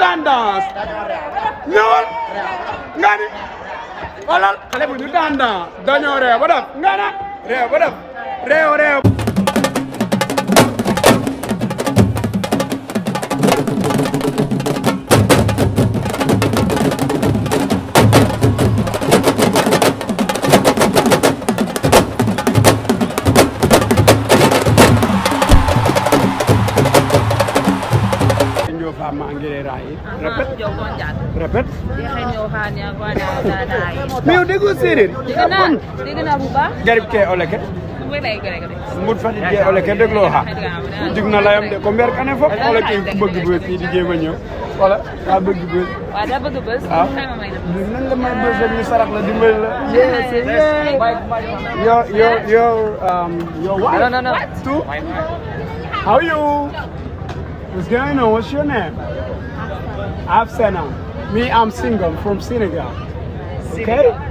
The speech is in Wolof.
daan daas ñëwal nga ni xoolal xale bu ñu daan daas dañoo réew ba def nga na réew ba def réew réew sama angire rai rebet jogon jat dia hen yohan buba garib ke oleke mbut fati je oleke deglo ha digna layam de ko mber kane fop bëgg di jema ñew wala ka bëgg bëss wa da bëgg bëss xay ma nan la may bëss ni sarax la dimbal la yes iya, iya. yo yo yo um yo what no no no two how you What's going on? What's your name? Afsana. Afsana. Me, I'm I'm from Senegal. Senegal. Okay?